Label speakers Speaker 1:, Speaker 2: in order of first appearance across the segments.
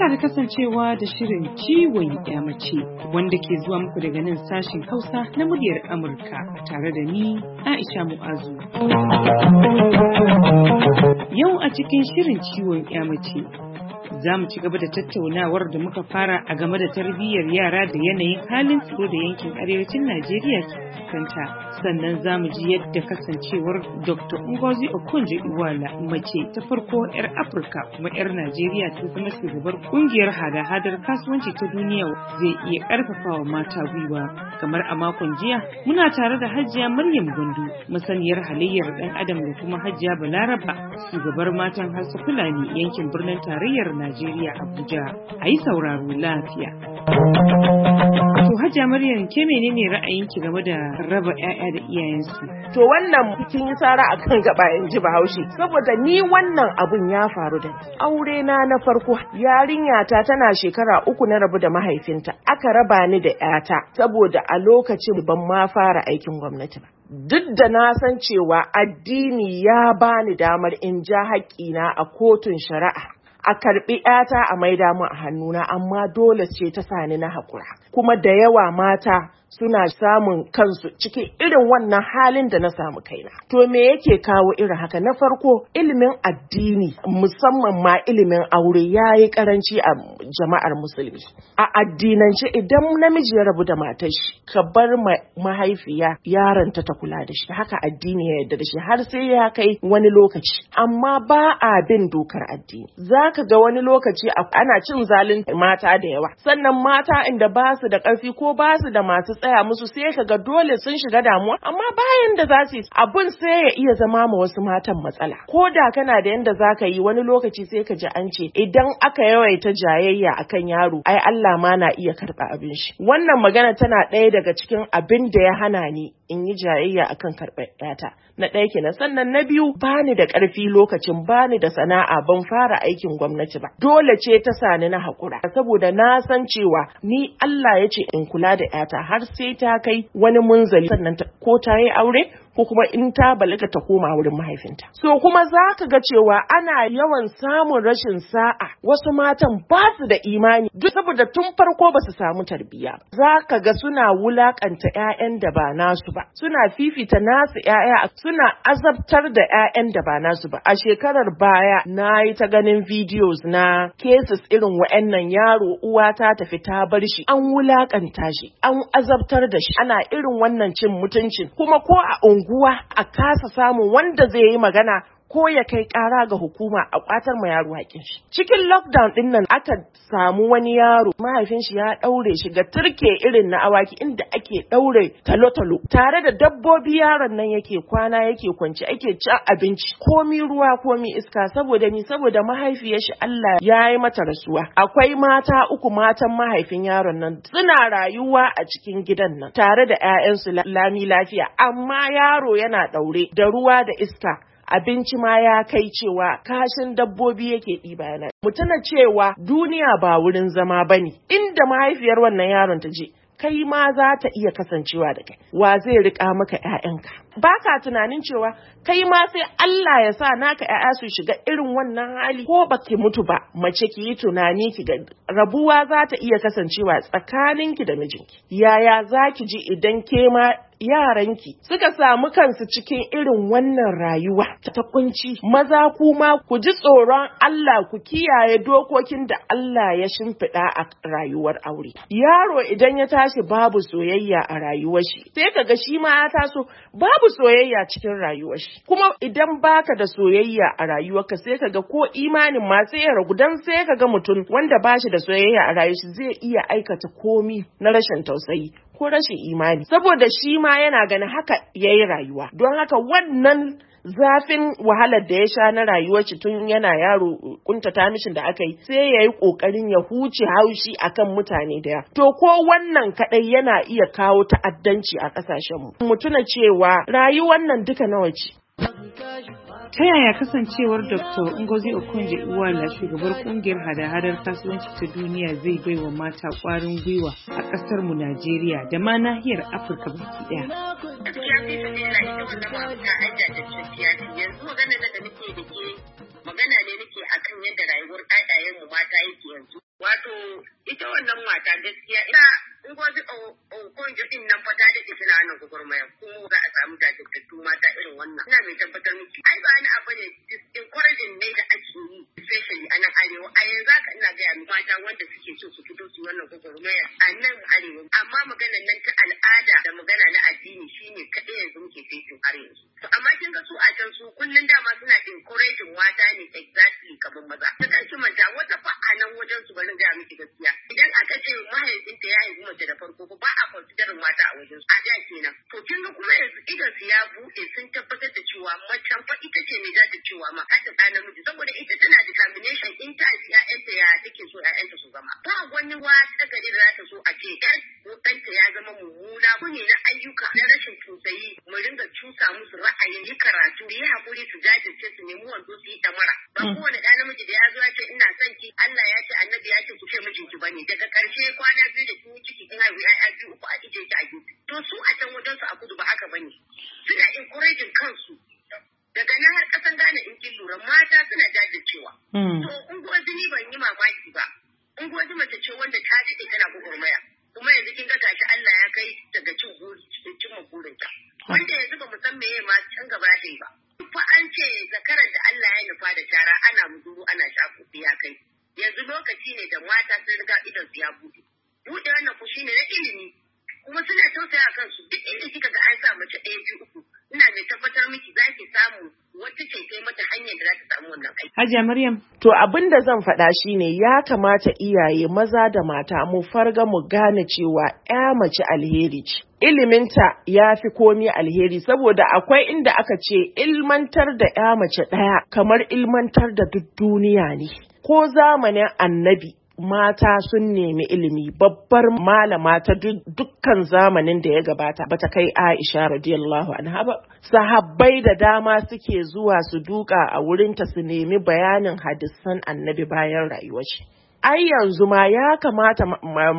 Speaker 1: Barka da kasancewa da shirin ciwon mace wanda ke zuwa muku daga nan sashen Hausa na muryar Amurka tare da ni Aisha Mu'azu. Yau a cikin shirin ciwon mace za mu ci gaba da tattaunawar da muka fara a game da tarbiyyar yara da yanayin halin tsaro da yankin arewacin Najeriya ke kanta. Sannan za mu ji yadda kasancewar Dr. Ngozi Okonjo iwala mace ta farko 'yar Afirka kuma 'yar Najeriya ta kuma shugabar kungiyar hada-hadar kasuwanci ta duniya zai iya wa mata gwiwa. Kamar a makon jiya muna tare da Hajiya Maryam Gundu masaniyar halayyar ɗan adam da kuma Hajiya Balaraba shugabar matan Hausa Fulani yankin birnin tarayyar Najeriya Abuja. A yi sauraro lafiya. To Hajiya Maryam ke menene ra'ayinki game da raba ƴaƴa da iyayensu? To
Speaker 2: wannan kin yi sara akan gaba in ji Bahaushe saboda ni wannan abun ya faru da aure na na farko yarinya ta tana shekara uku na rabu da mahaifinta aka raba ni da 'yata saboda a lokacin ban ma fara aikin gwamnati ba. duk da na san cewa addini ya bani damar in ja haƙƙina a kotun shari'a a karbi ɗata a maida mu a hannuna amma dole ce ta sani na haƙura kuma da yawa mata suna samun kansu cikin irin wannan halin da na samu kaina. To me yake kawo irin haka? Na farko ilimin addini musamman ma ilimin aure ya yi karanci a jama'ar musulmi. A addinance idan namiji ya rabu da matar shi, ka bar mahaifiya ta ta kula da shi, haka addini ya yarda da shi har sai ya kai wani lokaci. Amma ba a bin dokar addini. Za ka ga wani lokaci ana cin zalin mata da yawa. Sannan mata inda ba su da ƙarfi ko ba su da masu tsaya musu sai ka ga dole sun shiga damuwa amma bayan da za su abun sai ya iya zama ma wasu matan matsala ko da kana da yanda za ka yi wani lokaci sai ka ji an ce idan aka yawaita jayayya akan yaro ai Allah ma na iya karɓa abin shi wannan magana tana ɗaya daga cikin abin da ya hana ni in yi jayayya akan karɓar ɗata na ɗaya kenan sannan na biyu bani da ƙarfi lokacin bani da sana'a ban fara aikin gwamnati ba dole ce ta sa ni na haƙura saboda na san cewa ni Allah ya ce in kula da ƴata har sai ta kai wani munzali sannan ko ta yi aure ko kuma in ta balaga ta koma wurin mahaifinta. So kuma za ka ga cewa ana yawan samun rashin sa'a wasu matan ba su da imani duk saboda tun farko ba su samu tarbiyya. Za ka ga suna wulakanta 'ya'yan da ba nasu ba, suna fifita nasu 'ya'ya suna azabtar da 'ya'yan da ba nasu ba. A shekarar baya na yi ta ganin videos na cases irin wa'annan yaro uwa ta tafi ta bar shi an wulakanta shi an azabtar da shi ana irin wannan cin mutuncin kuma ko a unguwa a kasa samun wanda zai yi magana ko ya kai kara ga hukuma a kwatar ma yaro hakin shi cikin lockdown din nan aka samu wani yaro mahaifin shi ya ɗaure shi ga turke irin na awaki inda ake ɗaure talo-talo tare da dabbobi yaron nan yake kwana yake kwanci ake ci abinci komi ruwa komi iska saboda ni saboda mahaifiyar shi Allah ya yi mata rasuwa akwai mata uku matan mahaifin yaron nan suna rayuwa a cikin gidan nan tare da 'ya'yansu lami lafiya amma yaro yana ɗaure, da ruwa da iska abinci ma ya kai cewa kashin dabbobi yake ɗiba na. mu tuna cewa duniya ba wurin zama ba ne. inda mahaifiyar wannan yaron ta je kai ma za ta iya kasancewa da kai wa zai riƙa maka ƴaƴanka ba ka tunanin cewa kai ma sai Allah ya sa naka ƴaƴa su shiga irin wannan hali ko ba ki mutu ba mace ki yi tunani ki ga rabuwa za ta iya kasancewa tsakaninki da mijinki yaya za ki ji idan ke ma yaranki suka samu kansu cikin irin wannan rayuwa ta kunci maza kuma ku ji tsoron Allah ku kiyaye dokokin da Allah ya shimfiɗa a rayuwar aure yaro idan ya tashi babu soyayya a rayuwar shi sai kaga shi ma ya taso babu soyayya cikin rayuwar shi kuma idan baka da soyayya a ka sai kaga ko imanin ma sai ya ragu dan sai kaga mutum wanda bashi da soyayya a rayuwar shi zai iya aikata komi na rashin tausayi ko rashin imani saboda shi ma yana ganin haka yayi rayuwa don haka wannan zafin wahalar da ya sha na rayuwar shi tun yana yaro ƙuntata mishin da aka yi sai ya yi kokarin ya huce haushi akan mutane da ya to ko wannan kadai yana iya kawo ta'addanci a kasashen mu mutuna cewa rayuwar nan duka
Speaker 1: nawa ce ta yaya kasancewar dr ngozi Uwa na shugabar kungiyar hada-hadar kasuwanci ta duniya zai bai wa mata kwarin gwiwa a kasar mu najeriya da ma nahiyar afirka baki daya
Speaker 3: a yanzu haka ina gaya mu mata wanda suke so su fito su wannan gwagwarmaya a nan arewa amma maganar nan ta al'ada da magana na addini shine kaɗai yanzu muke fesin har yanzu to amma kin ga su a can su kullun dama suna encouraging mata ne exactly kamar maza ta kan manta wata fa a nan wajen su barin gaya miki gaskiya idan aka ce ɗinta ya haihu mace da farko ba a considerin mata a wajen a da kenan to kin ga kuma yanzu idan su ya buɗe sun tabbatar da cewa macen fa ita ce mai da cewa ma hada ɗa saboda ita tana determination in ta haifi ƴaƴanta ya take so 'ya'yanta su zama ba wani wa ta gari da za ta so a ce ɗanta ya zama mummuna ko ne na ayyuka samu musu ra'ayin yi karatu yi hakuri su jajirce su nemi wanzu su yi tamara ba mm. kowane ɗa namiji da ya zo ya ce ina son ki Allah ya ce annabi ya ce ku ce ki bane daga ƙarshe kwana biyu da kin ciki in haihu ya biyu uku a ije ki a gefe to su a can wajen su a kudu ba haka bane suna encouraging kansu daga nan har ƙasan gane in kin lura mata suna jajircewa mm. to ungozi ni ban yi mamaki ba ungozi mace ce wanda ta daɗe tana maya. kuma yanzu kin ga gashi Allah ya kai daga cin cin Wanda yanzu ba mu san meye ma can gaba ɗaya ba. Fa an ce zakarar da Allah ya nufa da shara ana muduru ana shafu ya kai. Yanzu lokaci ne da mata sun riga idon su ya buɗe. Buɗe wannan ku shine na ilimi. Kuma suna tausaya kansu duk inda kika ga an sa mace ɗaya biyu uku. Ina mai tabbatar miki zaki samu wata ce kai mata hanyar da za ta samu wannan aiki.
Speaker 2: Hajiya Maryam. To abin da zan faɗa shi ne ya kamata iyaye maza da mata mu farga mu gane cewa ya mace alheri ce. Iliminta ya fi komi alheri saboda akwai inda aka ce ilmantar da ya mace ɗaya kamar ilmantar da duk duniya ne. Ko zamanin annabi mata sun nemi ilimi babbar malama ta dukkan zamanin da ya gabata bata kai Aisha radiyallahu anha ba sahabbai da dama suke zuwa su duka a wurinta su nemi bayanin hadisan annabi bayan rayuwar shi ai yanzu ma ya kamata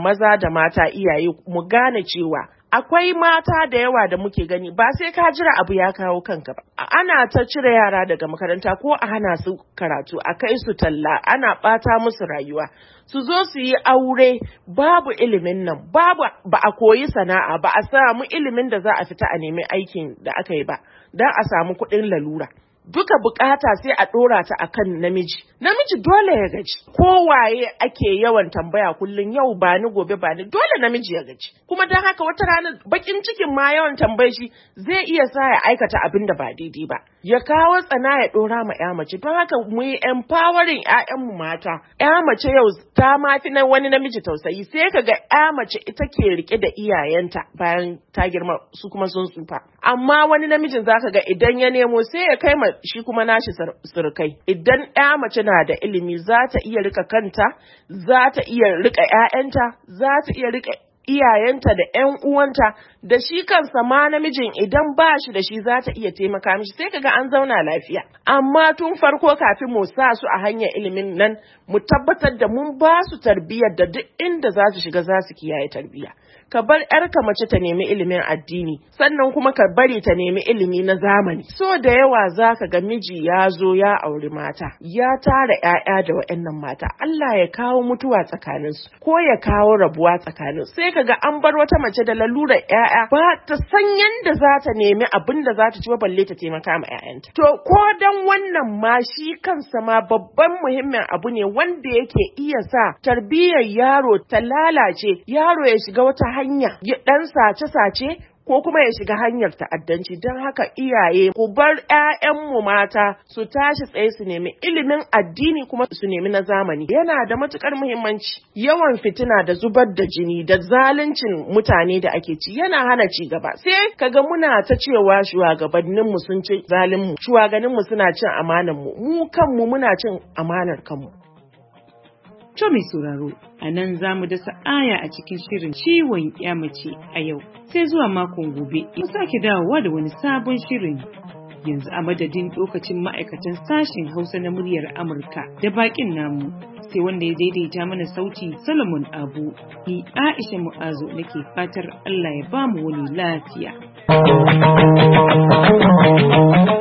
Speaker 2: maza da mata iyaye mu gane cewa akwai mata da yawa da muke gani ba sai ka jira abu ya kawo kanka ba ana ta cire yara daga makaranta ko a hana su karatu a kai su talla ana bata musu rayuwa su zo su yi aure babu ilimin nan babu ba a koyi sana'a ba a samu ilimin da za a fita a nemi aikin da aka yi ba don a samu kuɗin lalura duka bukata sai a dora ta akan namiji namiji dole ya gaji kowaye ake yawan tambaya kullum yau ba ni gobe ba ni dole namiji ya gaji kuma dan haka wata rana bakin cikin ma yawan tambayar shi zai iya sa ya aikata abin da ba daidai ba ya kawo tsana ya dora ma ya mace don haka mu yi empowering mu mata ya mace yau ta ma fi na wani namiji tausayi sai ka ga ya mace ita ke rike da iyayenta bayan ta girma su kuma sun tsufa amma wani namijin zaka ga idan ya nemo sai ya kai ma shi kuma nashi surkai idan ya mace na da ilimi za ta iya rika kanta za ta iya rika 'ya'yanta za ta iya rika iyayenta da 'yan uwanta da shi kansa ma namijin idan ba shi da shi za ta iya taimaka mishi sai kaga an zauna lafiya amma tun farko kafin mu sa su a hanyar ilimin nan mu tabbatar da mun ba su tarbiyyar da duk inda za su shiga za su kiyaye tarbiyya ka bar 'yarka mace ta nemi ilimin addini sannan kuma ka bari ta nemi ilimi na zamani so da yawa za ka ga miji ya zo ya auri mata ya tara 'ya'ya da waɗannan mata Allah ya kawo mutuwa tsakaninsu ko ya kawo rabuwa tsakaninsu sai Ka ga an bar wata mace da lalurar 'ya'ya ba ta san yadda za ta nemi abin da za ta ci ba balle ta taimaka ma 'ya'yanta. To ko dan wannan ma shi kansa ma babban muhimmin abu ne wanda yake iya sa tarbiyyar yaro ta lalace yaro ya shiga wata hanya ya dan sace sace ko kuma ya shiga hanyar ta'addanci don haka iyaye ku bar 'ya'yanmu mata su tashi tsaye su nemi ilimin addini kuma su nemi na zamani yana da matukar muhimmanci yawan fitina da zubar da jini da zaluncin mutane da ake ci yana hana ci gaba sai kaga muna ta cewa mu sun ci shugabannin mu suna cin amanar mu mu kanmu muna cin amanar kanmu
Speaker 1: To mai sauraro, a nan za mu dasa aya a cikin shirin ciwon mace a yau, sai zuwa makon gobe in sake dawowa da wani sabon shirin. Yanzu a madadin lokacin ma'aikatan sashen Hausa na muryar Amurka da bakin namu, sai wanda ya daidaita mana sauti Solomon Abu, ni Aisha Mu'azu nake fatar Allah ya bamu wani
Speaker 3: lafiya.